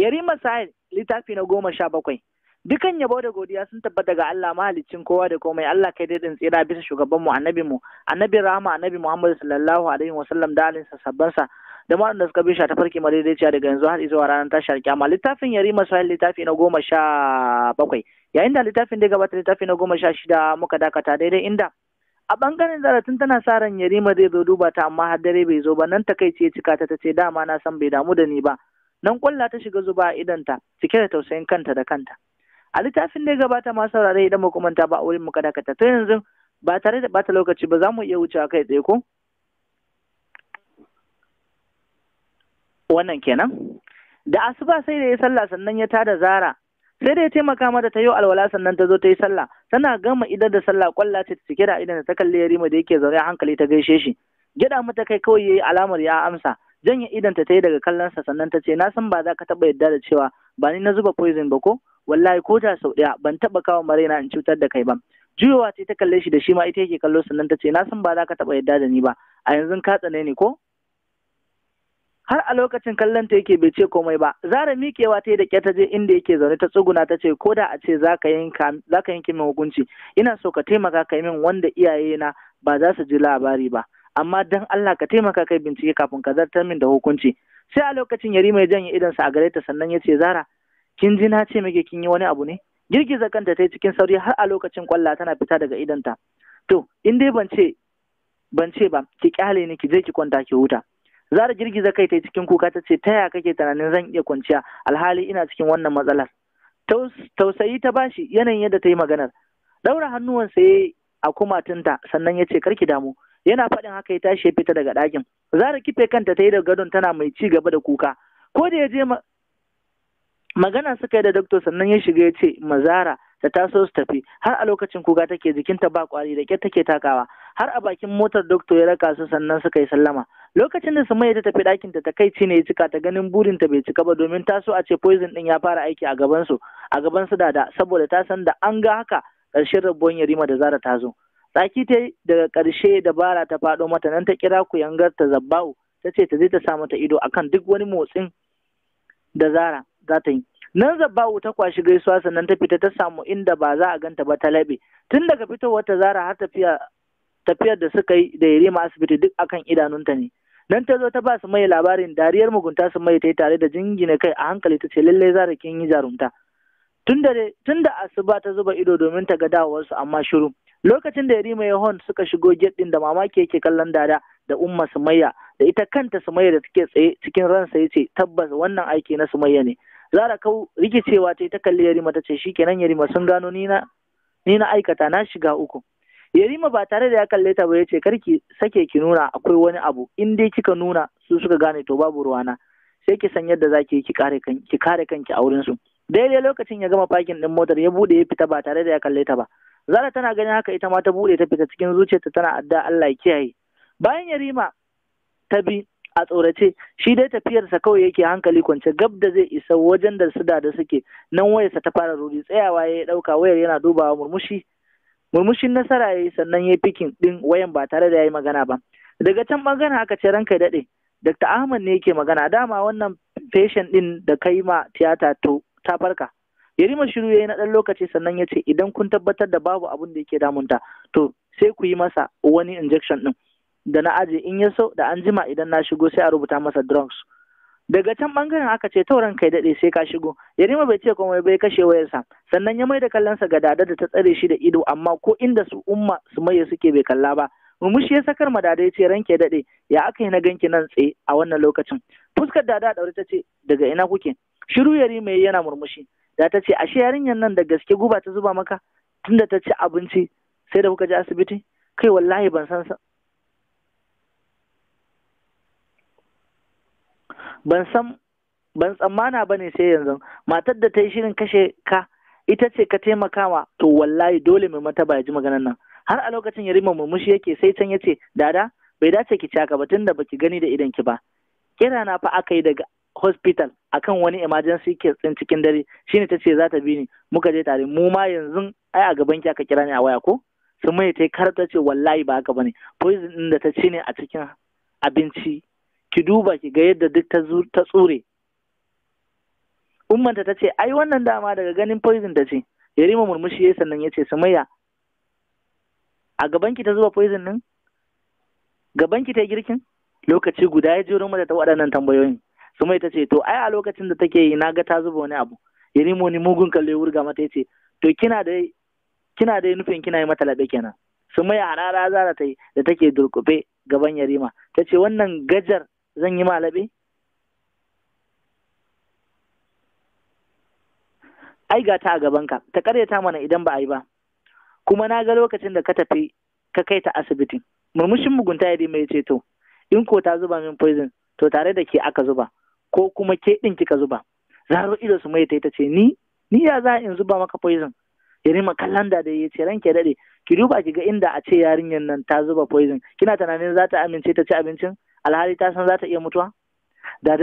Yarima Sahil littafi na goma sha bakwai. Dukan yabo da godiya sun tabbata daga Allah mahaliccin kowa da komai Allah kai daidin tsira bisa shugaban mu annabi mu annabi rahama annabi Muhammad sallallahu alaihi wa sallam da alinsa Da sa da waɗanda suka bi shi ta farki madaidaiciya daga yanzu har zuwa ranar tashar kyama littafin Yarima Sahil littafi na goma sha bakwai yayin da littafin da gabata littafi na goma sha shida muka dakata daidai inda a bangaren zaratun tana sa ran Yarima zai zo duba ta amma har dare bai zo ba nan takaice cika ta ta ce, dama na san bai damu da ni ba nan kwalla ta shiga zuba a idanta cike da tausayin kanta da kanta a littafin da ya gabata ma saurare idan mu kuma ba a wurin mu kada ta yanzu ba tare da bata lokaci ba za mu iya wucewa kai tsaye ko wannan kenan da asuba sai da ya sallah sannan ya tada zara sai da ya taimaka mata ta yi alwala sannan ta zo ta yi sallah tana gama idan da sallah kwalla ce cike da idan ta kalli yarima da yake zaune a hankali ta gaishe shi gida mata kai kawai ya yi alamar ya amsa janye idanta ta yi daga kallonsa sannan ta ce na san ba za ka taɓa yadda da cewa ba ni na zuba poison ba ko wallahi ko ta sau ɗaya ban taɓa kawo Marina in cutar da kai ba juyowa ce ta kalle shi da shi ma ita yake kallo sannan ta ce na san ba za ka taɓa yadda da ni ba a yanzu ka tsane ni ko har a lokacin kallon ta yake bai ce komai ba zara miƙewa ta yi da ƙyar ta je inda yake zaune ta tsuguna ta ce ko da a ce za ka yanke min hukunci ina so ka taimaka ka yi min wanda iyayena ba za su ji labari ba amma dan Allah ka taimaka kai bincike kafin ka zartar min da hukunci sai a lokacin yari mai janye sa a gare ta sannan ya ce Zara kin ji na ce miki kin yi wani abu ne girgiza kanta ta yi cikin sauri har a lokacin kwalla tana fita daga ta. to in dai ban ce ban ce ba ki kyale ni ki je ki kwanta ki huta Zara girgiza kai ta yi cikin kuka ta ce ta ya kake tunanin zan iya kwanciya alhali ina cikin wannan matsalar tausayi ta bashi yanayin yadda ta yi maganar daura hannuwan ya a kumatunta sannan ya ce karki damu yana faɗin haka ya tashi ya fita daga ɗakin zara kife kanta ta yi daga gadon tana mai ci gaba da kuka ko da ya je magana suka yi da doktor sannan ya shiga ya ce mazara da ta so su tafi har a lokacin kuka take jikinta ba kwari da ƙyar take takawa har a bakin motar doktor ya raka su sannan suka yi sallama lokacin da sumayya ta tafi ɗakin ta takaici ne ya cika ta ganin burin ta bai cika ba domin ta so a ce poison din ya fara aiki a gaban su a gaban su dada saboda ta san da an ga haka ƙarshen rabuwan yarima da zara ta zo tsaki ta daga ƙarshe dabara ta faɗo mata nan ta kira ku yangar ta zabba'u ta ce ta je ta sa mata ido akan duk wani motsin da zara za ta yi nan zabba'u ta kwashi gaisuwa sannan ta fita ta samu inda ba za a ganta ba ta laɓe tun daga fitowar ta zara har tafiya tafiyar da suka yi da yarima asibiti duk akan idanunta ne nan ta zo ta ba su mai labarin dariyar mugunta su mai ta yi tare da jingina kai a hankali ta ce lallai zara kin yi jarumta tun da asuba ta zuba ido domin ta ga dawowarsu amma shiru lokacin da yarima ya hon suka shigo gate din da mamaki yake kallon dada da umma sumayya da ita kanta sumayya da take tsaye cikin ransa yace tabbas wannan aiki na sumayya ne zara kau rikicewa ta ta kalli yarima ta ce shikenan yarima sun gano ni na ni na aikata na shiga uku yarima ba tare da ya kalle ta ba yace karki sake ki nuna akwai wani abu in dai kika nuna su suka gane to babu ruwana sai ki san yadda zaki ki kare kanki ki kare kanki a wurin su daidai lokacin ya gama fakin din motar ya bude ya fita ba tare da ya kalle ta ba Zara tana ganin haka ita ma ta bude ta fita cikin zuciyarta tana adda Allah ya kiyaye. Bayan Yarima ta bi a tsorace shi dai tafiyarsa kawai yake hankali kwance gab da zai isa wajen da su da suke nan wayarsa ta fara rudi tsayawa ya ɗauka wayar yana dubawa murmushi murmushin nasara ya yi sannan ya fikin ɗin wayan ba tare da ya yi magana ba daga can magana haka ce ranka daɗe dr ahmad ne yake magana dama wannan feshin ɗin da kai ma tiyata to ta farka yarima shiru ya yi na ɗan lokaci sannan ya ce idan kun tabbatar da babu abin da yake damunta to sai ku yi masa wani injection ɗin da na aje in ya so da an jima idan na shigo sai a rubuta masa drugs daga can bangaren aka ce tauran kai daɗe sai ka shigo yarima bai ce komai bai kashe wayarsa sannan ya mai da kallonsa ga dada da ta tsare shi da ido amma ko inda su umma su maye suke bai kalla ba murmushi ya sakar ma dada ya ce ranke daɗe ya aka yi na ganki nan tsaye a wannan lokacin fuskar dada ɗaure ta ce daga ina kuke shiru yarima yana murmushi da ta ce ashe yarinyar nan da gaske guba ta zuba maka tunda ta ci abinci sai da kuka je asibiti kai wallahi ban san ban san ban tsammana bane sai yanzu matar da ta yi shirin kashe ka ita ce ka taimakawa to wallahi dole mai mata ya ji maganar nan har a lokacin ya rima murmushi yake sai can ce, dada bai dace ki caka ba tunda baki gani da idan ki ba kira na fa aka yi daga hospital akan wani emergency case din cikin dare shine ta ce za ta bi ni muka je tare mu ma yanzu ai a gaban ki aka kira ni a waya ko sun mai ta kar ta ce wallahi ba haka bane poison din da ta ci ne a cikin abinci ki duba ki ga yadda duk ta ta tsure ummanta ta ce ai wannan dama daga ganin poison ta ce yarima murmushi yayi sannan ya ce sumayya a gaban ki ta zuba poison din gaban ki ta girkin lokaci guda ya jero mata ta waɗannan tambayoyin sumai ta ce to ai a lokacin da take yi naga ta zuba wani abu ya nemo ni mugun kallo ya wurga mata ya ce to kina da kina da nufin kina yi mata labe kenan sumai a rara zara ta yi da take durkufe gaban yarima ta ce wannan gajar zan yi ma ai ga ta a gabanka ta karyata mana idan ba a yi ba kuma na ga lokacin da ka tafi ka kai ta asibitin murmushin mugunta ya ya ce to in ko ta zuba min poison to tare da ke aka zuba ko kuma ke ɗin kika zuba zaro ido su mai ta ce ni ni ya za in zuba maka poison ya rima kallanda da ya ce ranke daɗe ki duba ki ga inda a ce yarinyar nan ta zuba poison kina tunanin za ta amince ta ci abincin alhali ta san za ta iya mutuwa da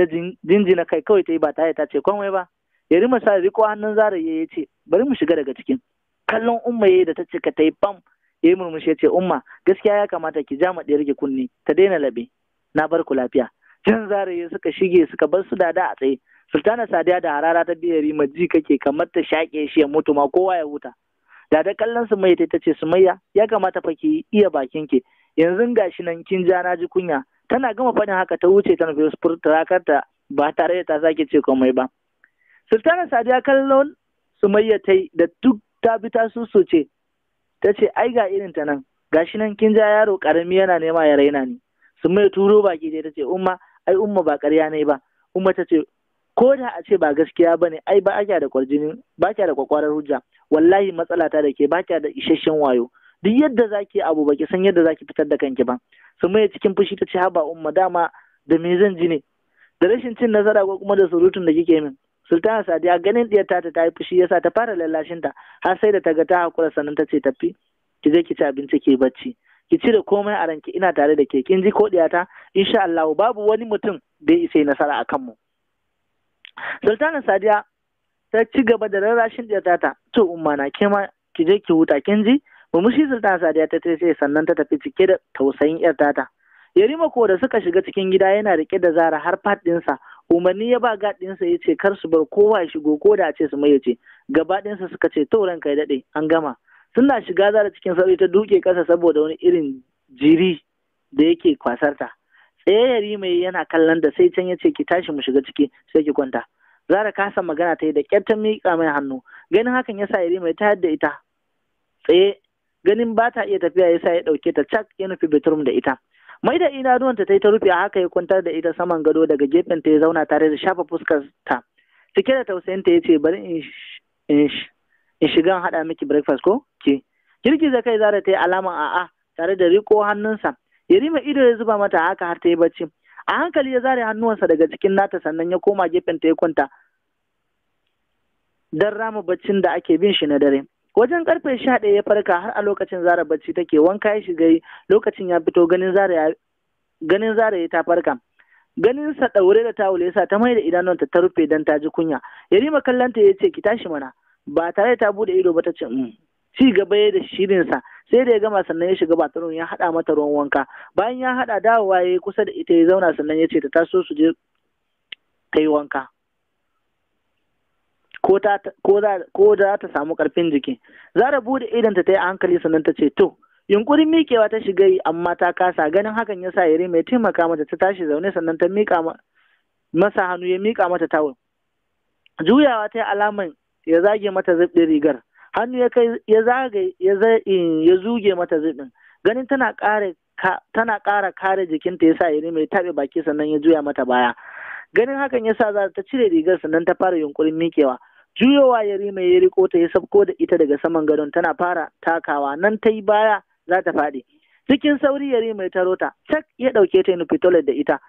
jinjina kai kawai ta yi ba tare ta ce komai ba ya rima sa riko hannun zara ya ce bari mu shiga daga cikin kallon umma ya da ta ce ka ta yi bam ya yi murmushi ya ce umma gaskiya ya kamata ki ja ɗaya rage kunni ta daina labe na bar ku lafiya can zaraye suka shige suka bar su dada a tsaye sultana sadiya da harara ta biyari ji kake kamar ta shaƙe shi ya mutu ma kowa ya huta dada kallon sumayya ta ce sumayya ya kamata fa ki iya bakin ki yanzu gashi nan kin ja na ji kunya tana gama faɗin haka ta wuce ta nufi ta ba tare da ta sake ce komai ba sultana sadiya kallon sumayya ta da duk ta bi ta ce ta ce ai ga irin ta nan gashi nan kin ja yaro karami yana nema ya raina ni sumayya turo baki ta ce umma ai umma ba ƙarya ne ba umma ta ce ko da a ce ba gaskiya ba ne ai ba kya da kwarjini ba kya da kwakwarar hujja wallahi matsala ta da ke ba kya da isasshen wayo duk yadda zaki abu baki san yadda zaki fitar da kanki ba su mai cikin fushi ta ce haba umma dama da me zan ji ne da rashin cin nasara ko kuma da surutun da kike min sultana sadiya ganin diyar ta ta yi fushi yasa ta fara lallashin ta har sai da ta ga ta hakura sannan ta ce tafi ki je ki ci abinci ki bacci ki cire komai a ranki ina tare da ke kin ji ko diyata insha Allah babu wani mutum da ya isa nasara a kanmu. Sultana Sadiya ta ci gaba da rarrashin diyata ta to umma na ke ma ki je ki huta kin ji murmushi Sultana Sadiya ta tace sannan ta tafi cike da tausayin yar tata Yarima ko da suka shiga cikin gida yana rike da Zara har faɗinsa umarni ya ba gaɗinsa ya ce kar su bar kowa ya shigo ko da a ce su mai ce gaba ɗinsa suka ce to ranka ya daɗe an gama suna shiga zara cikin sauri ta duke kasa saboda wani irin jiri da yake kwasarta tsayayyari mai yana kallon da sai can ya ce ki tashi mu shiga ciki sai ki kwanta zara kasa magana ta yi da ƙyar ta miƙa mai hannu ganin hakan ya sa yari mai tayar da ita tsaye ganin ba ta iya tafiya ya sa ya ɗauke ta cak ya nufi bitrum da ita mai da ina ruwanta ta yi ta rufe a haka ya kwantar da ita saman gado daga gefen ta ya zauna tare da shafa fuskar ta cike da tausayin ta ya ce bari in shiga haɗa miki breakfast ko girgiza kai zara ta yi a A tare da riko hannunsa yarima ido ya zuba mata haka har ta yi bacci a hankali ya zare hannuwansa daga cikin nata sannan ya koma gefen ta ya kwanta don rama baccin da ake bin shi na dare wajen karfe sha ɗaya ya farka har a lokacin zara bacci take wanka ya shiga lokacin ya fito ganin zara ya ganin zara ya ta farka ganin sa ɗaure da tawul ya sa ta mai da idanunta ta rufe dan ta ji kunya yarima kallanta ya ce ki tashi mana ba tare ta bude ido ba ta ce mm. ci gaba da shirinsa sai da ya gama sannan ya shiga batarun ya haɗa mata ruwan wanka bayan ya haɗa dawowa ya kusa da ita ya zauna sannan ya ce ta taso su je ta yi wanka ko za ta samu karfin jiki Za ta bude idan ta yi hankali sannan ta ce to yunkurin miƙewa ta shiga yi amma ta kasa ganin hakan ya sa yare mai taimaka mata ta tashi zaune sannan ta miƙa masa hannu ya mika mata tawul juyawa ta yi alaman ya zage mata zubɗin rigar hannu ya kai ya zage ya zuge mata zubin ganin tana ƙara tana ƙara kare jikinta yasa ya mai tabe baki sannan ya juya mata baya ganin hakan yasa za ta cire rigar sannan ta fara yunkurin mikewa juyowa ya rima ya riko ta ya sabko da ita daga saman gadon tana fara takawa nan ta yi baya za ta faɗi cikin sauri ya rima ya taro ta cak ya ɗauke ta nufi da ita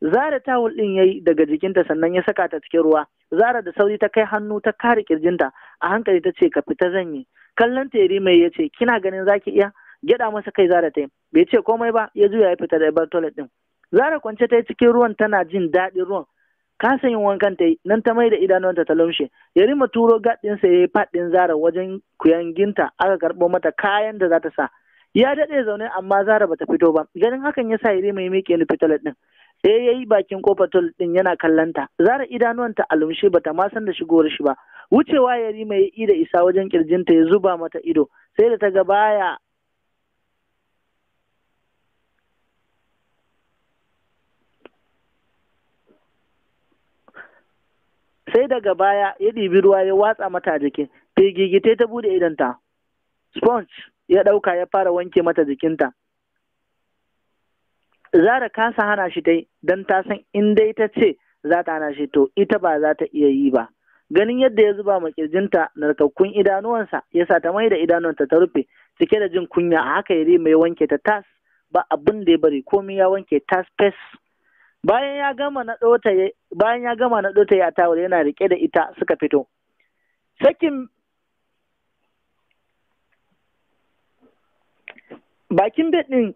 zara tawul ɗin ya yi daga jikinta sannan ya saka ta cikin ruwa zara da sauri ta kai hannu ta kare kirjinta a hankali ta ce ka fita zan yi kallon teri mai ya ce kina ganin zaki iya gyada masa kai zara ta yi bai ce komai ba ya juya ya fita da bar toilet din zara kwance ta yi cikin ruwan tana jin daɗin ruwan kasa yin wankan ta yi nan ta mai da idanuwanta ta lumshe ya rima turo sa ya yi faɗin zara wajen kuyanginta aka karɓo mata kayan da za ta sa ya daɗe zaune amma zara bata fito ba ganin hakan ya sa ya rima ya miƙe ni toilet din sai ya yi bakin kofar toilet ɗin yana kallanta zara idanuwanta a lumshe bata ma san da shigowar shi ba wucewa ya rima ya ida isa wajen kirjinta ya zuba mata ido sai da ta ga baya sai daga baya ya ɗibi ruwa ya watsa mata jikin firgigite ta bude idanta sponge ya ɗauka ya fara wanke mata jikinta zara kasa hana shi dai don ta san in dai ta ce za ta hana shi to ita ba za ta iya yi ba ganin yadda ya zuba ma kirjinta narkakkun idanuwansa ya sa ta mai da idanuwanta ta rufe cike da jin kunya a haka yare mai wanke ta tas ba abin da ya bari komai ya wanke tas fes bayan ya gama na ɗota bayan ya gama tawul yana rike da ita suka fito sakin bakin bed din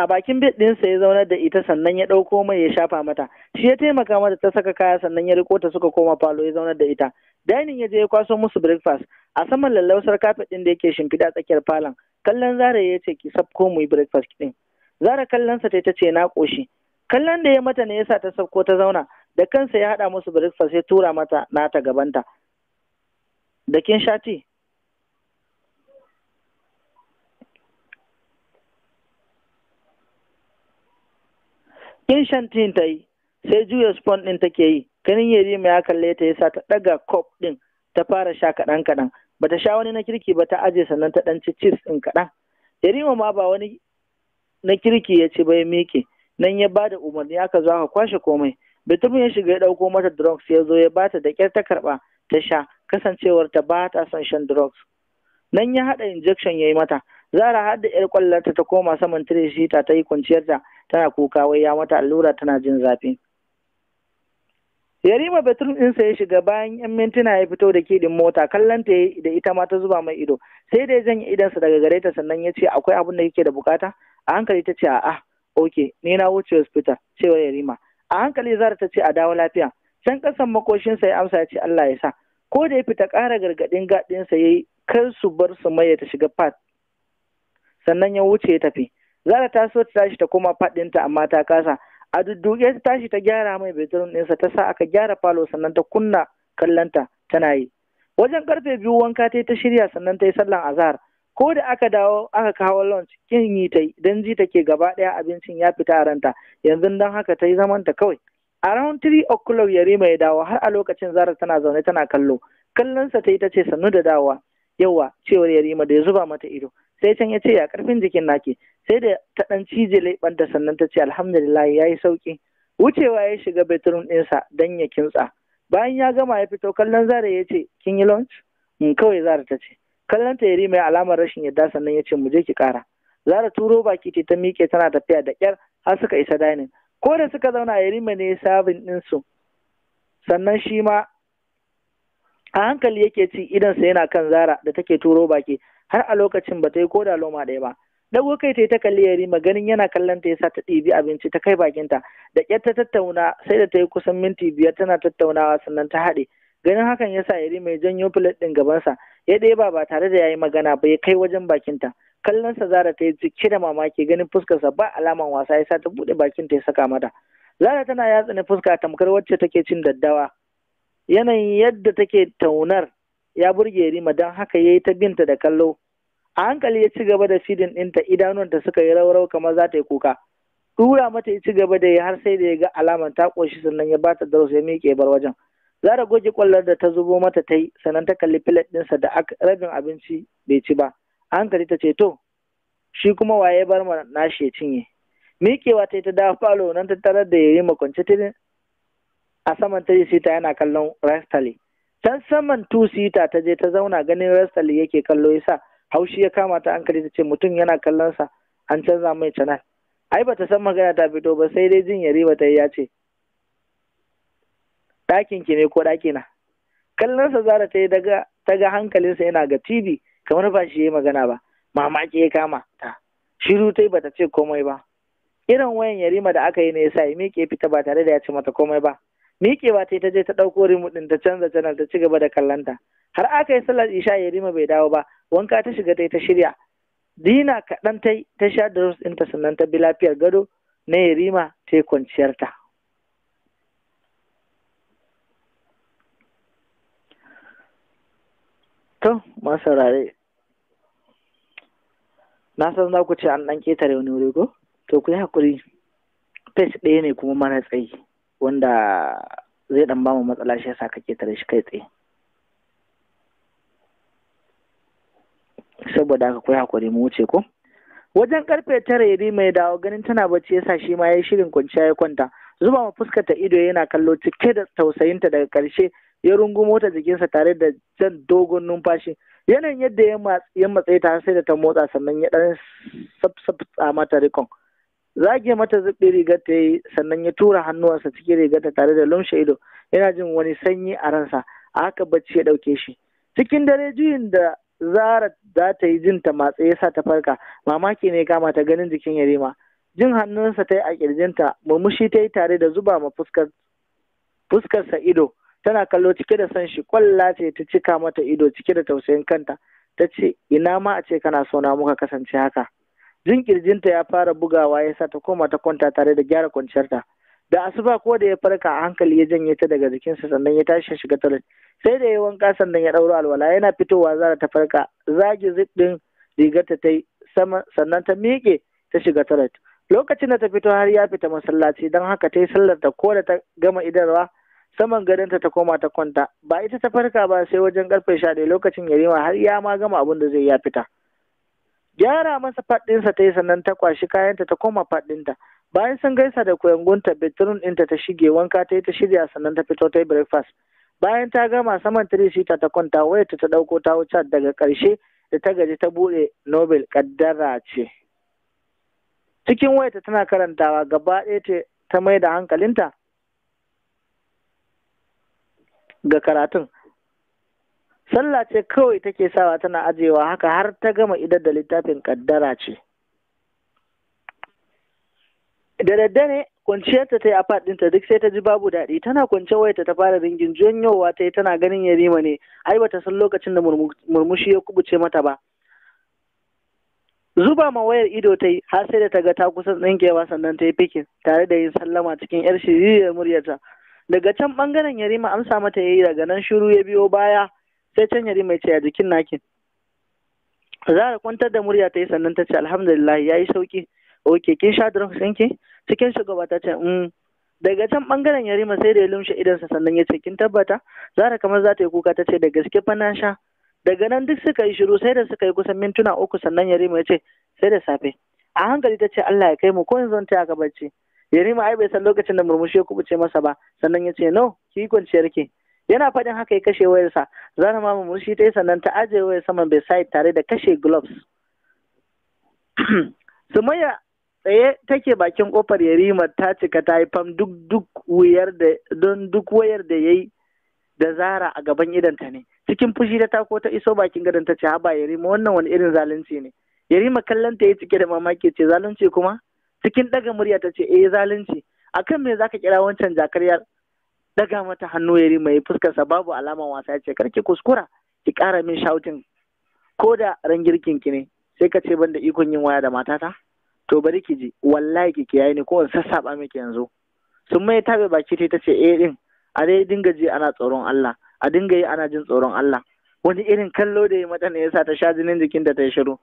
a bakin bed ɗinsa ya zaunar da ita sannan ya ɗauko mai ya shafa mata shi ya taimaka mata ta saka kaya sannan ya riko ta suka koma falo ya zaunar da ita dining ya je ya kwaso musu breakfast a saman lallausar kafet ɗin da yake shimfiɗa tsakiyar falon kallon zara ya ce ki sabko mu yi breakfast ɗin zara kallonsa ta ta ce na ƙoshi kallon da ya mata ne ya sa ta sabko ta zauna da kansa ya haɗa musu breakfast ya tura mata nata gabanta da kin sha tea. in shantin ta yi sai juya spon ɗin take yi ganin yarima ya kalle ta yasa ta ɗaga kop ɗin ta fara sha kaɗan kaɗan bata sha wani na kirki ba ta aje sannan ta ɗan ci cheese ɗin kaɗan yarima ma ba wani na kirki ya ce bai miƙe nan ya bada umarni aka zo aka kwashe komai bitum ya shiga ya ɗauko mata drugs ya zo ya bata da ƙyar ta karɓa ta sha kasancewar ta ba ta son shan drugs nan ya haɗa injection ya yi mata zara har da ƴar ƙwallarta ta koma saman tire shi ta ta yi kwanciyarta tana kuka wai ya mata allura tana jin zafi yarima betul ɗinsa ya shiga bayan yan mintuna ya fito da kidin mota kallon ta da ita ma ta zuba mai ido sai da ya janye idansa daga gare ta sannan ya ce akwai abin da kike da bukata a hankali ta ce a'a ok ni na wuce hospital cewa yarima a hankali zara ta ce a dawo lafiya can kasan makoshinsa ya amsa ya ce allah ya sa ko da ya fita ƙara gargaɗin gaɗinsa ya yi kar su bar su maye ta shiga fat sannan ya wuce ya tafi Zara ta so ta tashi ta koma faɗinta amma ta kasa. A dudduke ta tashi ta gyara mai bedroom ɗinsa ta sa aka gyara falo sannan ta kunna kallonta tana yi. Wajen karfe biyu wanka ta ta shirya sannan ta yi sallan azahar. Ko da aka dawo aka kawo lunch kin yi ta yi don ji take gaba ɗaya abincin ya fita a ranta yanzu dan haka ta yi zamanta kawai. A round 3 o'clock Yarima ya dawo har a lokacin Zara tana zaune tana kallo. Kallonsa ta yi ta ce sannu da dawowa. Yawwa cewar Yarima da ya zuba mata ido. Sai can ya ce ya karfin jikin naki sai da ta ɗan cije leɓanta sannan ta ce alhamdulillah ya yi sauƙi wucewa ya shiga bedroom ɗinsa don ya kintsa bayan ya gama ya fito kallon zara ya ce kin yi lunch mm, kawai zara ta ce kallon ta yari mai alamar rashin yadda sannan ya ce mu je ki kara zara turo baki ce ta miƙe tana tafiya da ƙyar har suka isa dainin. ko da suka zauna yari mai ne sabin ɗinsu sannan shi ma a hankali yake ci sa yana kan zara da take turo baki har a lokacin ba ta yi ko da loma ɗaya ba dago kai ta kalli yarima ganin yana kallon ta yasa ta ɗibi abinci ta kai bakinta da ƙyar ta tattauna sai da ta yi kusan minti biyar tana tattaunawa sannan ta haɗe ganin hakan yasa yarima ya janyo filet ɗin gabansa ya ɗeba ba tare da ya yi magana ba ya kai wajen bakinta kallon sa zara ta yi cike da mamaki ganin sa ba alaman wasa yasa ta buɗe bakinta ya saka mata zara tana yatsa ne fuska tamkar wacce take cin daddawa yanayin yadda take taunar ya burge yarima don haka ya yi ta binta da kallo a hankali ya ci gaba da fidin ɗinta idanunta suka yi raurau kamar za ta yi kuka tura mata ya ci gaba da yi har sai da ya ga alamar ta ƙoshi sannan ya bata da ya miƙe bar wajen zara goge kwallar da ta zubo mata ta yi sannan ta kalli filet ɗinsa da rabin abinci bai ci ba a hankali ta ce to shi kuma waye bar na nashi ya cinye miƙewa ta yi ta dawo falo nan ta tarar da ya yayi makwance tirin a saman ta sita yana kallon rastali can saman tusita, ta je ta zauna ganin rastali yake kallo yasa haushi ya kama ta hankali ta ce mutum yana kallon sa an canza mai canal ai bata san magana ta fito ba sai dai jin ta yi ya ce ɗakin ki ne ko ɗakina kallon sa zara ta yi daga ta ga hankalinsa yana ga TV kamar ba shi yayi magana ba mamaki ya kama ta shiru tai bata ce komai ba irin wayan yarima da aka yi ne yasa ya miƙe fita ba tare da ya ce mata komai ba miƙewa ta je ta ɗauko remote ɗin ta canza channel ta ci gaba da kallonta har aka yi sallar isha yarima bai dawo ba wanka ta shiga ta ta shirya dina kaɗan ta ta sha da rus ɗinta sannan ta bi lafiyar gado na yarima ta yi kwanciyarta to masaurare na san za ku ce an ɗan ƙetare wani wuri ko to ku yi haƙuri fes ɗaya ne kuma mara tsayi wanda zai dan ba mu matsala shi yasa kake tare shi kai tsaye saboda haka kai hakuri mu wuce ko wajen karfe tara yari mai dawo ganin tana bacci yasa shi ma yayi shirin kwanciya ya kwanta zuba ma fuskar ta ido yana kallo cike da tausayinta daga karshe ya rungumo ta jikinsa tare da jan dogon numfashi yanayin yadda ya matsayi ta sai da ta motsa sannan ya dan tsama mata rikon zage mata zubi rigar ta yi sannan ya tura hannuwansa cikin ta tare da lumshe ido yana jin wani sanyi a ransa a haka bacci ya ɗauke shi cikin dare juyin da zara za ta yi jin ta matse ya sa ta farka mamaki ne kama ta ganin jikin yarima jin hannunsa ta yi a kirjinta murmushi ta yi tare da zuba ma fuskar fuskarsa ido tana kallo cike da son shi kwalla ce ta cika mata ido cike da tausayin kanta ta ce ina ma a ce kana sona muka kasance haka jin kirjinta ya fara bugawa ya sa ta koma ta kwanta tare da gyara kwanciyarta da asuba ko da ya farka a hankali ya janye ta daga jikinsa sannan ya tashi shiga talin sai da ya wanka sannan ya ɗauro alwala yana fitowa zara ta farka zagi zip rigarta ta yi sama sannan ta miƙe ta shiga toilet lokacin da ta fito har ya fita masallaci don haka ta yi sallar ta ko da ta gama idarwa saman gadonta ta koma ta kwanta ba ita ta farka ba sai wajen karfe sha ɗaya lokacin yarima har ya ma gama abin da zai ya fita gyara masa faɗinsa ta yi sannan ta kwashi kayanta ta koma faɗinta bayan sun gaisa da kuyangunta bedroom ɗinta ta shige wanka ta yi ta shirya sannan ta fito ta yi breakfast bayan ta gama saman tirisita ta kwanta wayarta ta ɗauko ta wuce daga ƙarshe da ta gaji ta buɗe nobel ƙaddara ce cikin wayarta tana karantawa gaba ɗaya ta mai da hankalinta ga karatun sallah ce kawai take sawa tana ajewa haka har ta gama idan da littafin kaddara ce da daddare kwanciyarta ta yi a faɗinta duk sai ta ji babu daɗi tana kwance wayarta ta fara ringin janyowa ta yi tana ganin yarima ne ai bata san lokacin da murmushi ya kubuce mata ba zuba ma wayar ido ta yi har sai da ta ga ta kusan tsinkewa sannan ta yi fikin tare da yin sallama cikin yar shiririyar muryarta daga can bangaren yarima amsa mata ya yi daga nan shiru ya biyo baya sai can yari mai ce a jikin nakin zara kwantar da murya ta yi sannan ta ce alhamdulillah ya yi sauki oke kin sha drugs ɗinki cikin shugaba ta ce mm. daga can bangaren yarima sai da ya lumshe idansa sannan ya ce kin tabbata zara kamar za ta yi kuka ta ce da gaske fa na sha daga nan duk suka yi shiru sai da suka yi kusan mintuna uku sannan yarima ya ce sai da safe a hankali ta ce Allah ya kai mu ko yanzu ta ga bacci yarima ai bai san lokacin da murmushi ya kubuce masa ba sannan ya ce no ki kwanciyar ki yana faɗin haka ya kashe wayarsa zana ma murshi ta yi sannan ta ajiye wayar saman bai sa tare da kashe gloves sumayya tsaye take bakin kofar yarima ta cika ta yi fam duk duk wuyar da don duk wayar da yayi da zara a gaban idanta ne cikin fushi ta tako ta iso bakin gadon ta ce haba yarima wannan wani irin zalunci ne yarima kallon ta yi cike da mamaki ce zalunci kuma cikin daga murya ta ce eh zalunci akan me zaka kira wancan jakar daga mata hannu ya mai fuskarsa babu alaman wasa ya ce karki kuskura ki ƙara min shautin ko da ran girkin ki ne sai ka ce ban da ikon yin waya da matata to bari ki ji wallahi ki kiyaye ni ko in sassaɓa miki yanzu sun mai tabe baki ta ce eh din a dai dinga ji ana tsoron Allah a dinga yi ana jin tsoron Allah wani irin kallo da ya mata ne yasa ta sha jinin jikin da ta yi shiru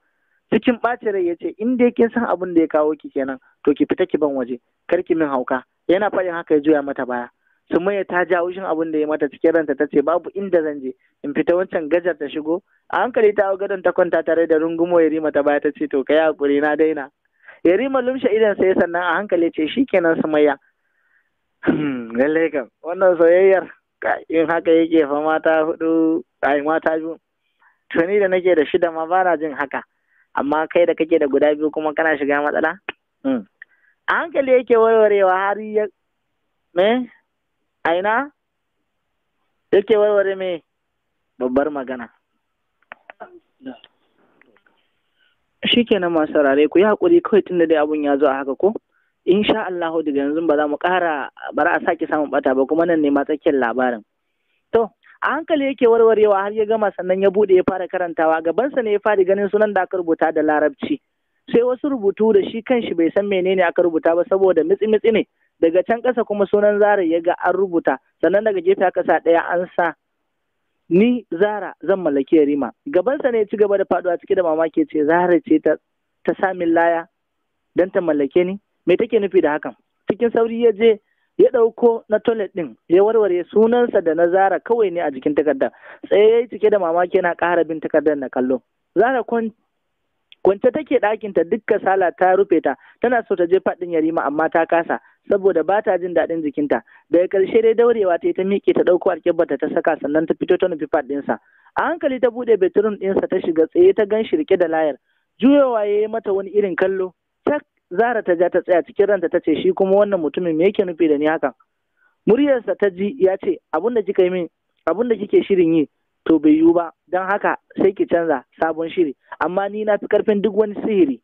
cikin ɓacin rai ya ce in dai kin san abin da ya kawo ki kenan to ki fita ki ban waje kar ki min hauka yana faɗin haka ya juya mata baya sumayya ta ja haushin abin da ya mata cikin ranta ta ce babu inda zan je in fita wancan gajar ta shigo a hankali ta gadon ta kwanta tare da rungumo yarima ta baya ta ce to kai hakuri na daina yarima lumshe idan sai sannan a hankali ce shikenan sumayya hmm, lallai kam wannan soyayyar in haka yake fa mata hudu ai mata biyu to ni da nake da shida ma bana jin haka amma kai da kake da guda biyu kuma kana shiga matsala hmm. a hankali yake warwarewa har ya me aina yake warware me babbar magana shikenan masu saurare ku yi haƙuri kawai da dai abun ya zo a haka ko insha Allah daga yanzu ba za mu ƙara bara a sake samun bata ba kuma nan ne ma tsakiyar labarin to a hankali yake warwarewa har ya gama sannan ya bude ya fara karantawa gabansa ne ya fara ganin sunan da aka rubuta da larabci sai wasu rubutu da shi kanshi bai san menene aka rubuta ba saboda mitsi mitsi ne daga can ƙasa kuma sunan zara ya ga an rubuta sannan daga gefe kasa ɗaya an sa ni zara zan mallaki rima gabansa ne ya ci gaba da faɗuwa cike da mamaki ce zara ce ta ta samin laya dan ta mallake ni me take nufi da hakan cikin sauri ya je ya ɗauko na toilet ɗin ya warware sunansa da na zara kawai ne a jikin takardar tsaye ya cike da mamaki yana ƙara bin takardar na kallo zara kwance take ɗakinta dukka sala ta rufe ta tana so ta je faɗin yarima amma ta kasa saboda ba ta jin daɗin jikinta daga ƙarshe dai daurewa ta yi ta miƙe ta ɗauko alƙibarta ta saka sannan ta fito ta nufi faɗinsa. ɗinsa a hankali ta buɗe betrun ɗinsa ta shiga tsaye ta gan shirke da layar juyowa ya yi mata wani irin kallo tak zara ta ja ta tsaya cikin ranta ta ce shi kuma wannan mutumin me yake nufi da ni hakan muryarsa ta ji ya ce abin da kika yi min abin da kike shirin yi to bai yiwu ba don haka sai ki canza sabon shiri amma ni na fi karfin duk wani sihiri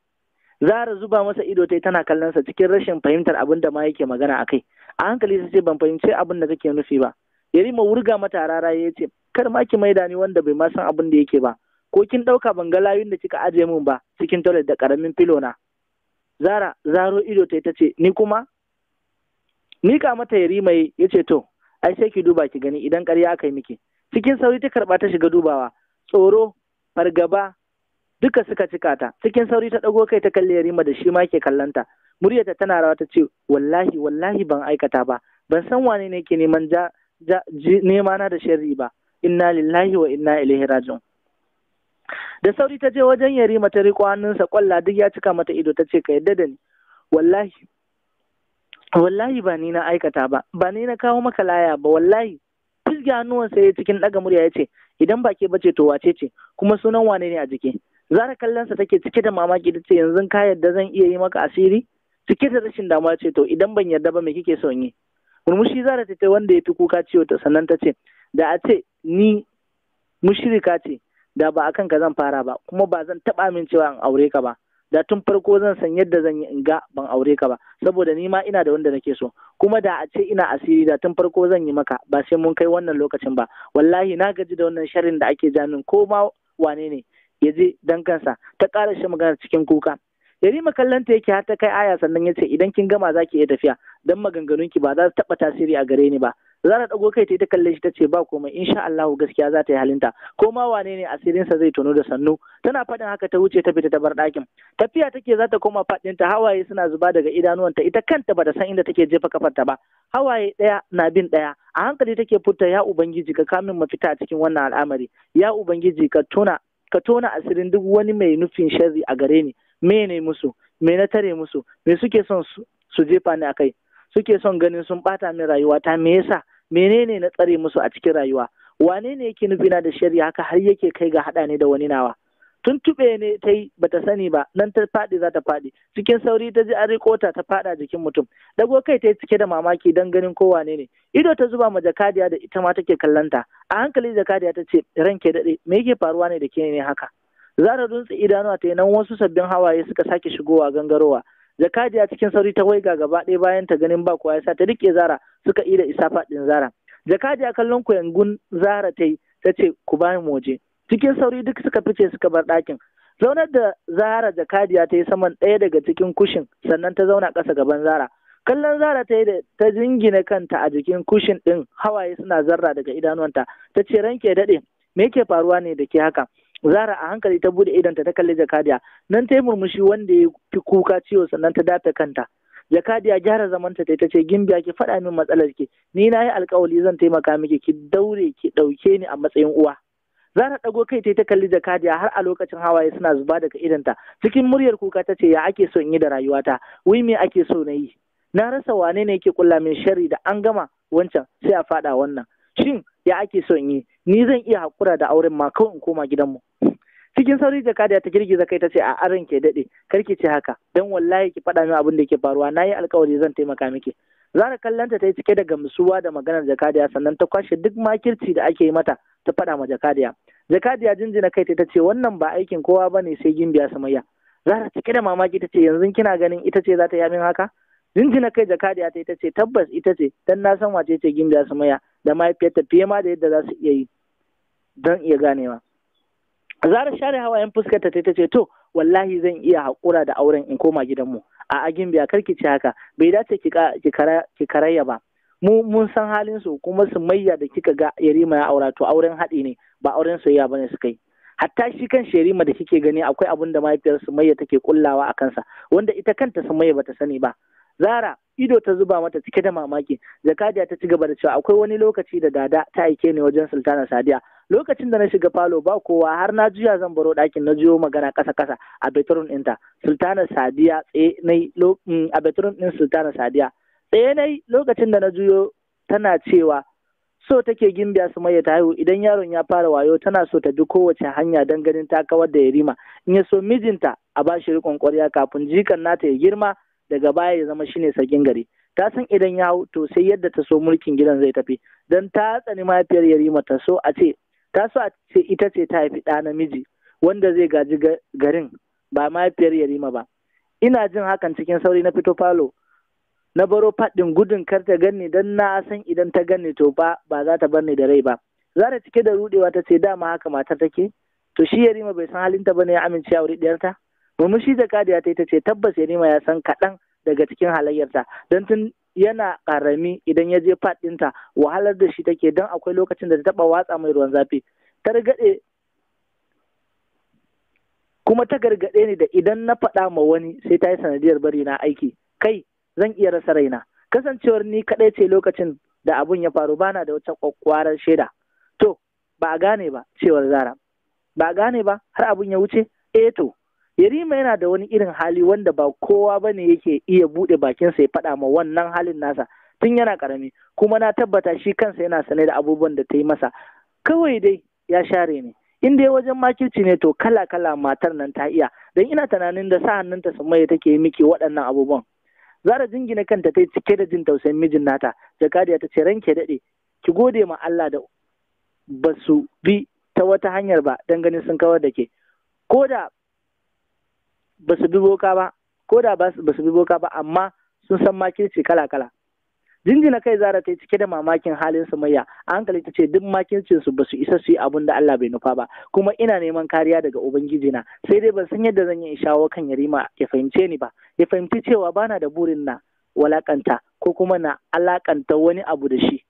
zara zuba masa ido tai tana kallon sa cikin rashin fahimtar abin da ma yake magana akai a hankali sai ce ban fahimci abin da kake nufi ba yarima wurga mata rara ya ce kar ma ki maida ni wanda bai ma san abin da yake ba ko kin dauka ban ga layun da kika aje min ba cikin toilet da karamin filo na zara zaro ido tai tace ni kuma mika mata yarima ya ce to ai sai ki duba ki gani idan ƙarya aka yi miki cikin sauri ta karɓa ta shiga dubawa tsoro fargaba duka suka cika ta cikin sauri ta ɗago kai ta kalli yarima da shi ma ke kallanta muryarta tana rawa ta ce wallahi wallahi ban aikata ba ban san wane ne ke neman ja, ja nema na da sharri ba inna lillahi wa inna ilaihi raji'un da sauri ta je wajen yarima ta riko hannunsa kwalla duk ya cika mata ido ta ce ka yadda da ni wallahi wallahi ba ni na aikata ba ba ni na kawo maka laya ba wallahi fisge hannuwansa ya cikin ɗaga murya ya ce idan ba ke bace to wace ce kuma sunan wane ne a jiki zara kallonsa take cike da mamaki da ce yanzu ka yarda zan iya yi maka asiri cike da rashin damuwa ce to idan ban yarda ba me kike son yi murmushi zara ta wanda ya fi kuka ciwo ta sannan ta ce da a ce ni mushirika ce da ba akan ka zan fara ba kuma ba zan taba min cewa in aure ka ba da tun farko zan san yadda zan yi in ga ban aure ka ba saboda ni ma ina da wanda nake so kuma da a ce ina asiri da tun farko zan yi maka ba sai mun kai wannan lokacin ba wallahi na gaji da wannan sharrin da ake jamin ko ma wane ne ya je dan kansa ta ƙara shi maganar cikin kuka yarima kallon ta yake har ta kai aya sannan ya ce idan kin gama za ki iya tafiya dan maganganun ki ba za su taɓa tasiri a gare ni ba Zara ɗago kai ta kalle shi ta ce ba komai insha Allah gaskiya za ta yi halinta ko ma wane ne sa zai tono da sannu tana faɗin haka ta wuce ta fita ta bar ɗakin tafiya take za ta koma faɗinta hawaye suna zuba daga idanuwanta ita kanta ba da san inda take jefa kafarta ba hawaye ɗaya na bin ɗaya a hankali take furta ya ubangiji ka kamin mafita a cikin wannan al'amari ya ubangiji ka tuna ka tona asirin duk wani mai nufin sharri a gare ni me ne musu me na tare musu me suke son su jefa ni akai suke son ganin sun bata min rayuwa ta me yasa menene na tsare musu a cikin rayuwa wane ne yake nufina da shari'a haka har yake kai ga haɗa ni da wani nawa Tuntube ne ta yi ba ta sani ba nan ta faɗi za ta faɗi cikin sauri ta ji an ta faɗa jikin mutum dago kai ta yi cike da mamaki don ganin kowa ne ne ido ta zuba ma jakadiya da ita ma take kallonta a hankali jakadiya ta ce ran ke daɗe me yake faruwa ne da ke ne haka zara dutse idanuwa ta yi nan wasu sabbin hawaye suka sake shigowa gangarowa jakadiya cikin sauri ta waiga gaba ɗaya bayan ta ganin ba kowa sa ta riƙe zara suka ida isa faɗin zara jakadiya kallon kuyangun zara ta yi ta ce ku bani mu waje cikin sauri duk suka fice suka bar ɗakin zaunar da zahara jakadiya ta yi saman ɗaya daga cikin kushin sannan ta zauna ƙasa gaban zara kallon zara ta yi ta jingina kanta a jikin kushin ɗin hawaye suna zarra daga idanuwanta ta ce ranke daɗe me ke faruwa ne da ke haka zara a hankali ta buɗe idanta ta kalli jakadiya nan ta yi murmushi wanda ya fi kuka ciwo sannan ta dafe kanta jakadiya gyara zamanta ta ta ce gimbiya ki faɗa min matsalar ki ni na yi alkawali zan taimaka miki ki daure ki ɗauke ni a matsayin uwa Za ta ɗago kai ta ta kalli jakadiya har a lokacin hawaye suna zuba daga idanta cikin muryar kuka ta ce ya ake so in yi da rayuwata wai me ake so na yi na rasa wane ne yake kulla min shari da an gama wancan sai a faɗa wannan shin ya ake so in yi ni zan iya hakura da auren ma kawai in koma gidanmu cikin sauri jakadiya ta girgiza kai ta ce a aran ke daɗe kar ki ce haka dan wallahi ki faɗa min abin da ke faruwa na yi alkawari zan taimaka miki Zara kallanta ta yi cike da gamsuwa da maganar jakadiya sannan ta kwashe duk makirci da ake yi mata ta faɗa ma jakadiya. Jakadiya jinjina kai ta ce wannan ba aikin kowa ba ne sai gimbiya samayya. Zara cike da mamaki ta ce yanzu kina ganin ita ce za ta yi min haka? Jinjina kai jakadiya ta ta ce tabbas ita ce dan na san wace ce gimbiya samayya da mahaifiyarta fiye ma da yadda za su iya yi don iya ganewa. Zara share hawayen fuskarta ta ce to wallahi zan iya haƙura da auren in koma gidanmu. a agin biya ki ci haka bai dace ki karaya ba mu mun san halin su kuma su mayya da kika ga yarima ya aura to auren haɗi ne ba auren soyayya bane suka yi hatta shi kan sherima da kike gani akwai abin da mahaifiyar mayya take kullawa a kansa wanda ita kanta mayya bata sani ba zara ido ta zuba mata cike da mamaki zakadiya ta ci gaba da cewa akwai wani lokaci da dada ta aike ni wajen sultana sadiya lokacin da na shiga falo ba kowa har na juya zan baro ɗakin na juyo magana kasa kasa a betrun ɗinta sultana sadiya tsaye nai mm, a betrun ɗin sultana sadiya tsaye nai lokacin da na juyo tana cewa so take gimbiya su maye haihu idan yaron ya fara wayo tana so ta bi kowace hanya don ganin ta kawar da yarima in ya so mijinta a ba shi riƙon ƙwarya kafin jikan nata ya girma daga baya ya zama shine sakin gari ta san idan ya hau to sai yadda ta so mulkin gidan zai tafi don ta tsani mahaifiyar yarima ta so a ce ta a ce ita ce ta haifi ɗa namiji wanda zai gaji garin ba mahaifiyar yarima ba ina jin hakan cikin sauri na fito falo na baro faɗin gudun kar ta ganni don na san idan ta ganni to ba ba za ta bar ni da rai ba zara cike da rudewa ta ce dama haka matar take to shi yarima bai san halinta ba ne ya amince a wuri ɗiyarta murmushi da kadiya ta ta ce tabbas yarima ya san kaɗan daga cikin halayyarta don tun yana ƙarami idan ya je Fat ɗinta wahalar da shi take don akwai lokacin da ta taɓa watsa mai ruwan zafi ta kuma ta gargaɗe ni da idan na faɗa ma wani sai ta yi sanadiyar bari na aiki kai zan iya rasa raina kasancewar ni kaɗai ce lokacin da abun ya faru bana da wata kwakwarar shaida to ba a gane ba cewar zara ba a gane ba har abun ya wuce eh to Yarima yana da wani irin hali wanda ba kowa ba ne yake iya buɗe bakinsa ya faɗa ma wannan halin nasa tun yana ƙarami kuma na tabbata shi kansa yana sane da abubuwan da ta yi masa kawai dai ya share ne in dai wajen makirci ne to kala kala matar nan ta iya don ina tunanin da sa hannunta mai take yi miki waɗannan abubuwan zara jingina kanta ta yi cike da jin tausayin mijin nata jakadiya ta ce ranke daɗe ki gode ma Allah da ba su bi ta wata hanyar ba don ganin sun kawar da ke ko da ba su bi boka ba ko da ba su bi boka ba amma sun san makirci kala-kala jinjina kai zara ta yi cike da mamakin halin sumayya a hankali ta ce duk makircin su basu isa su yi abin da Allah bai nufa ba kuma ina neman kariya daga ubangiji na sai dai ban san yadda zan yi shawo kan yarima ya fahimce ni ba ya fahimci cewa bana da burin na walakanta ko kuma na alakanta wani abu da shi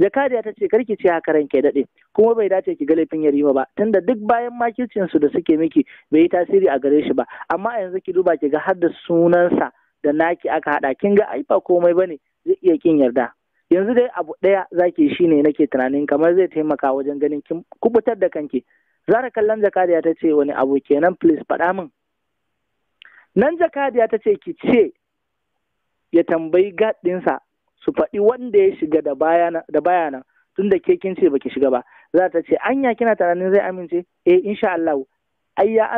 Jakadiya ta ce karki ce haka ranke daɗe kuma bai dace ki ga laifin yarima ba tunda duk bayan makircin su da suke miki bai yi tasiri a gare shi ba amma yanzu ki duba ki ga har da sunansa da naki aka haɗa kin ga ai ba komai bane zai iya kin yarda yanzu dai abu ɗaya zaki shi ne nake tunanin kamar zai taimaka wajen ganin kin kubutar da kanki zara kallon jakadiya ta ce wani abu kenan please faɗa min nan jakadiya ta ce ki ce ya tambayi gaɗinsa su faɗi wanda ya shiga da baya nan tun da ke kin ce baki shiga ba za ta ce anya kina tunanin zai amince eh insha Allah ai ya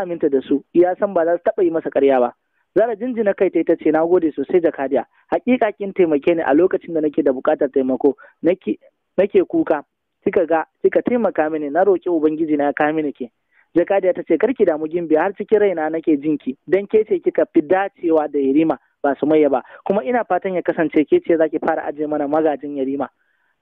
aminta da su ya san ba za su taɓa yi masa ƙarya ba zara jinjina kai ta ce na gode sosai da kadiya hakika kin taimake ni a lokacin da nake da buƙatar taimako nake nake kuka kika ga kika taimaka mini na roƙi ubangiji na ya kawo mini ke jakadiya ta ce ki damu gimbi har cikin raina nake jinki dan ke ce kika fi dacewa da yarima ba su maye ba kuma ina fatan ya kasance ke ce zaki fara ajiye mana magajin yarima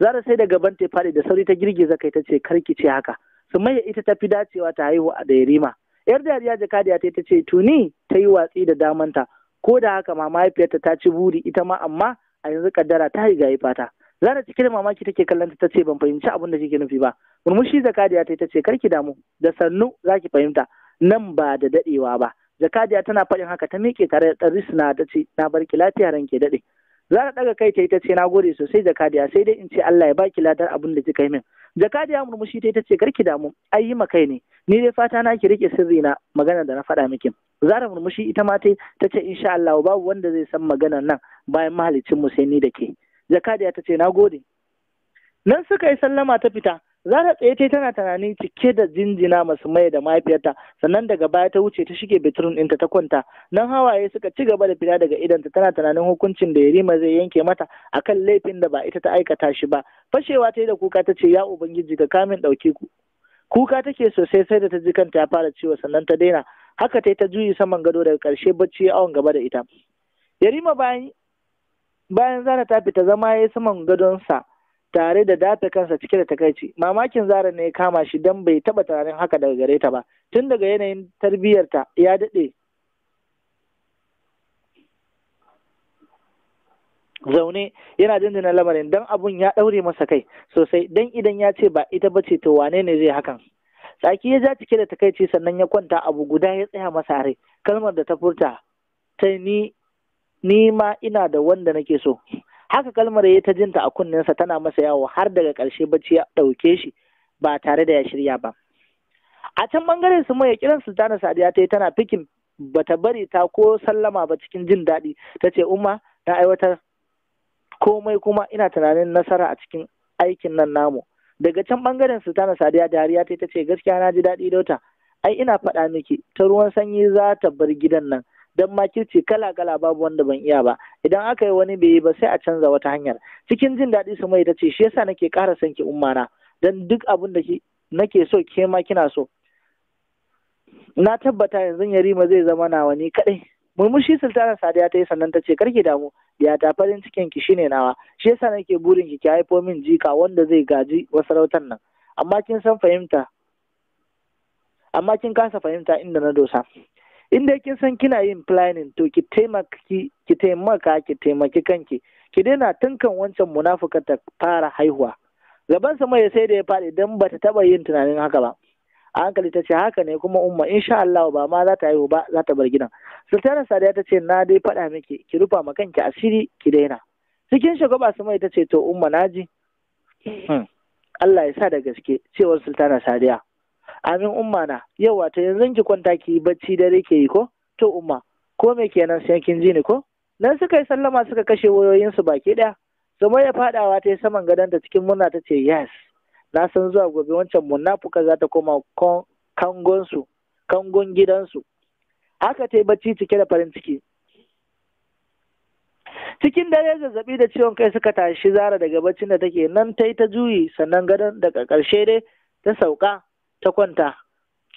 zara sai daga ban ta faɗi da sauri ta girgiza kai ta ce karki ce haka su maye ita ta fi dacewa ta haihu a da yarima yar dariya da ta ce tuni ta yi watsi da damanta ko da haka ma mahaifiyarta ta ci buri ita ma amma a yanzu kaddara ta riga yi fata zara cike da mamaki take kallon ta ce ban fahimci abin da kike nufi ba murmushi zakariya ta ce karki damu da sannu zaki fahimta nan ba da dadewa ba jakadiya tana faɗin haka ta miƙe tare da risna ta ce na barki lafiya ranke daɗe za ta ɗaga kai ta yi ce na gode sosai jakadiya sai dai in ce Allah ya baki ladar abin da kika yi min jakadiya murmushi ta yi ta ce karki damu ai yi ma kai ne ni dai fata na ki rike sirri na magana da na faɗa miki zara murmushi ita ma ta ta ce insha Allah babu wanda zai san maganar nan bayan mahalicin mu sai ni da ke jakadiya ta ce na gode nan suka yi sallama ta fita Zara tsaye ta tana tunanin cike da jinjina masu mai da mahaifiyarta sannan daga baya ta wuce ta shige bedroom ɗinta ta kwanta nan hawaye suka ci gaba da fita daga idanta tana tunanin hukuncin da Yarima zai yanke mata a kan laifin da ba ita ta aikata shi ba fashewa ta yi da kuka ta ce ya ubangiji ka kamin ɗauki ku kuka take sosai sai da ta ji kanta ya fara ciwo sannan ta daina haka ta yi ta juyi saman gado daga ƙarshe bacci ya awon gaba da ita Yarima bayan bayan Zara ta fita zama ya yi saman gadonsa tare da data kansa cike da takaici mamakin zara ne ya kama shi don bai taba tunanin haka daga gare ta ba tun daga yanayin tarbiyyarta ya daɗe zaune yana dindina lamarin don abun ya ɗaure masa kai sosai don idan ya ce ba ita bace to wane ne zai hakan tsaki ya ja cike da takaici sannan ya kwanta abu guda ya tsaya masa rai kalmar da ta furta ta ni ni ma ina da wanda nake so haka kalmar ya ta jinta a kunninsa tana masa yawo har daga ƙarshe bacci ya ɗauke shi ba tare da ya shirya ba a can ɓangaren su mai kiran sultana sadiya ta yi tana fikin bata bari ta ko sallama ba cikin jin daɗi ta ce umma na aiwatar komai kuma ina tunanin nasara a cikin aikin nan namu daga can bangaren sultana sadiya dariya ta ta ce gaskiya na ji daɗi dauta ai ina faɗa miki ta ruwan sanyi za ta bar gidan nan dan makirci kala kala babu wanda ban iya ba idan aka yi wani bai yi ba sai a canza wata hanyar cikin jin daɗi su mai ta ce shi yasa nake ƙara son ki ummana dan duk abin da nake so ke ma kina so na tabbata yanzu yarima zai zama nawa ni kaɗai murmushi sultana sadiya ta yi sannan ta ce karki damu ya ta farin cikin ki shine nawa shi yasa nake burin ki ki haifo min jika wanda zai gaji sarautar nan amma kin san fahimta amma kin kasa fahimta inda na dosa in dai kin san kina yin planning to ki taimaki ki taimaka ki taimaki kanki ki daina tunkan wancan munafuka ta fara haihuwa gaban sa mai sai da ya faɗi dan ta taba yin tunanin haka ba a hankali ta ce haka ne kuma umma insha Allah ba ma za ta haihu ba za ta bar gidan sultana sadiya ta ce na dai faɗa miki ki rufa ma kanki asiri ki daina cikin shugaba su mai ta ce to umma naji hmm. Allah ya sa da gaske cewar sultana sadiya amin umma na yau wata yanzu ki kwanta ki yi bacci dare ke yi ko to umma ko me kenan sai kin ji ni ko nan suka yi sallama suka kashe wayoyin su baki ɗaya Zama ya faɗawa ta yi saman gadon ta cikin murna ta ce yes na san zuwa gobe wancan munafuka za ta koma kangonsu kangon gidansu haka ta yi bacci cike da farin ciki cikin dare zazzabi da ciwon kai suka tashi zara daga baccin da take nan ta yi ta juyi sannan gadon daga ƙarshe dai ta sauka ta kwanta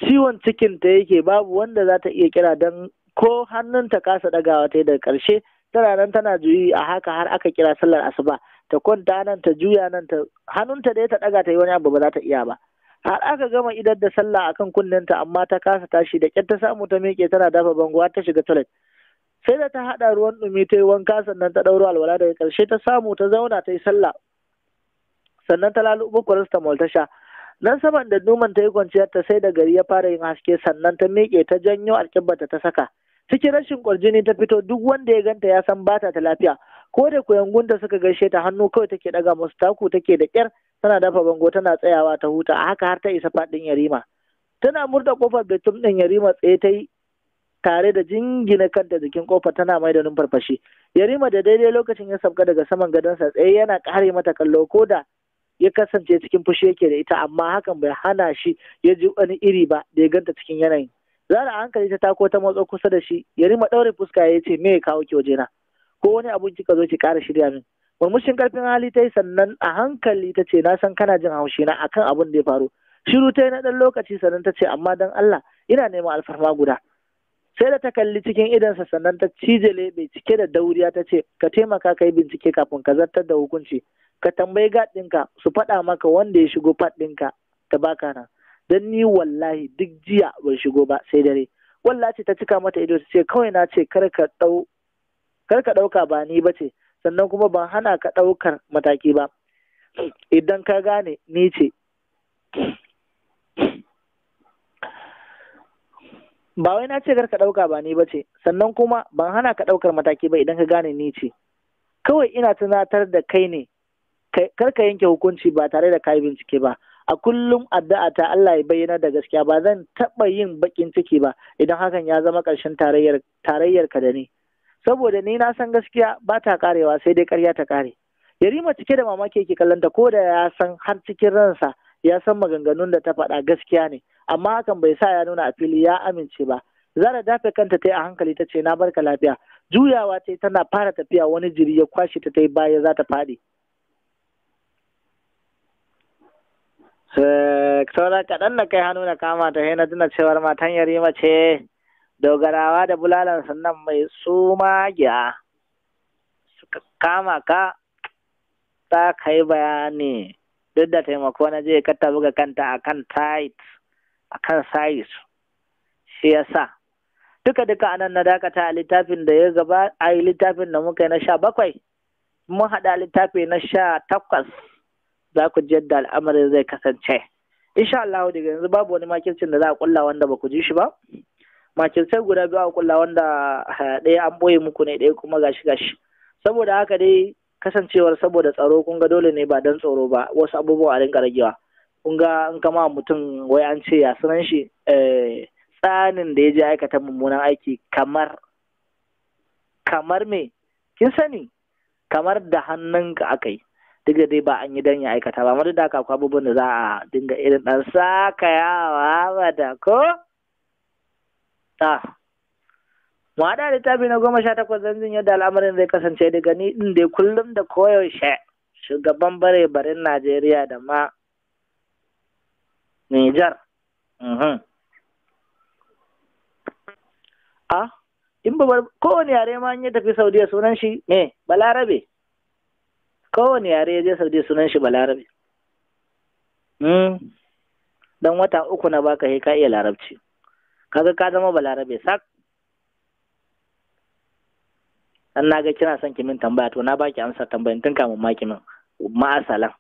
ciwon cikin ta yake babu wanda za ta iya kira don ko hannun ta kasa ɗagawa ta daga ƙarshe tana nan tana juyi a haka har aka kira sallar asuba ta kwanta nan ta juya nan ta hannunta da ta ɗaga ta yi wani abu ba za ta iya ba har aka gama idar da sallah akan kunnenta amma ta kasa tashi da ƙyar ta samu ta miƙe tana dafa bango ta shiga toilet sai da ta haɗa ruwan ɗumi ta yi wanka sannan ta ɗauro alwala daga ƙarshe ta samu ta zauna ta yi sallah sannan ta lalubo paracetamol ta sha nan saman da numan ta yi kwanciyar ta sai da gari ya fara yin haske sannan ta miƙe ta janyo alƙibata ta saka cikin rashin kwarjini ta fito duk wanda ya ganta ya san bata ta lafiya ko da kuyangunta suka gaishe ta hannu kawai take daga musu taku take da ƙyar? tana dafa bango tana tsayawa ta huta a haka har ta isa faɗin yarima tana murda kofar betum ɗin yarima tsaye ta yi tare da jingina kanta jikin kofar tana mai da numfarfashi yarima da daidai lokacin ya sabka daga saman gadonsa tsaye yana ƙare mata kallo ko da ya kasance cikin fushi yake da ita amma hakan bai hana shi ya ji wani iri ba da ya ganta cikin yanayin zara hankali ta tako ta motsa kusa da shi ya rima ɗaure fuska ya ce me ya kawo ki wajena ko wani abun kika zo ki kara shirya min murmushin karfin hali ta yi sannan a hankali ta ce na san kana jin haushi na akan abun da ya faru shiru ta yi na ɗan lokaci sannan ta ce amma dan Allah ina neman alfarma guda sai da ta kalli cikin idansa sannan ta cije lebe cike da dauriya ta ce ka taimaka ka yi bincike kafin ka zartar da hukunci ka tambayi gaɗinka su faɗa maka wanda ya shigo fad ɗinka ta baka na don ni wallahi duk jiya bai shigo ba sai dare wallahi ce ta cika mata ido ta ce kawai na ce kar ka ɗauka ba ni ba ce sannan kuma ban hana ka ɗaukar mataki ba idan ka gane ni ce ba wai na ce kar ka ɗauka ba ni ba ce sannan kuma ban hana ka ɗaukar mataki ba idan ka gane ni ce kawai ina tunatar da kai ne kar ka yanke hukunci ba tare da kayi bincike ba a kullum addu'a ta Allah ya bayyana da gaskiya ba zan taɓa yin baƙin ciki ba idan hakan ya zama ƙarshen tarayyar tarayyar ka da ni saboda ni na san gaskiya ba ta karewa sai dai ƙarya ta kare yarima cike da mamaki yake kallon ta ko da ya san har cikin ransa ya san maganganun da ta faɗa gaskiya ne amma hakan bai sa ya nuna a fili ya amince ba zara dafe kanta ta yi a hankali ta ce na barka lafiya juyawa ta tana fara tafiya wani jiri ya kwashe ta ta yi baya za ta faɗi eh, sauran kaɗan na kai hannu na kama ta na tana cewar matan yarima ce dogarawa da bulalan sannan mai suma suka kama ka ta kai bayani duk da taimako na je ka buga kanta akan tight akan sayis shi ya sa. duka duka anan na dakata a littafin da ya gaba a littafin da muka yi na sha bakwai mun haɗa littafi na sha takwas za ku ji yadda al'amarin zai kasance insha Allah daga yanzu babu wani makircin da za a kulla wanda ba ku ji shi ba makircin guda biyu a kulla wanda eh, ɗaya an boye muku ne ɗaya kuma gashi gashi saboda haka dai kasancewar saboda tsaro kun ga dole ne ba don tsoro ba wasu abubuwa a rinka ragewa kun ga in kama mutum wai an ce ya sanan shi eh, tsanin da ya je aikata mummunan aiki kamar kamar me kin sani kamar da hannunka aka yi duk da dai ba an yi dan ya aikata ba amma da haka akwai abubuwan da za a dinga irin dan yawa ba da ko ta ah. mu haɗa littafi na goma sha takwas zanzin yadda al'amarin zai kasance daga ni ɗin dai kullum da koyaushe shugaban bare baren najeriya da ma Nijar. Mhm. A, ah, in ba kowane yare ma yi tafi Saudiya sunan shi me Balarabe. Kowane yare ya je Saudiya sunan shi Balarabe. Hmm. Dan wata uku na baka he ka iya larabci. Kaga ka zama Balarabe sak. Dan na ga kina son kimin tambaya to na baki amsa tambayin tun kamun maki min, ma'asalan.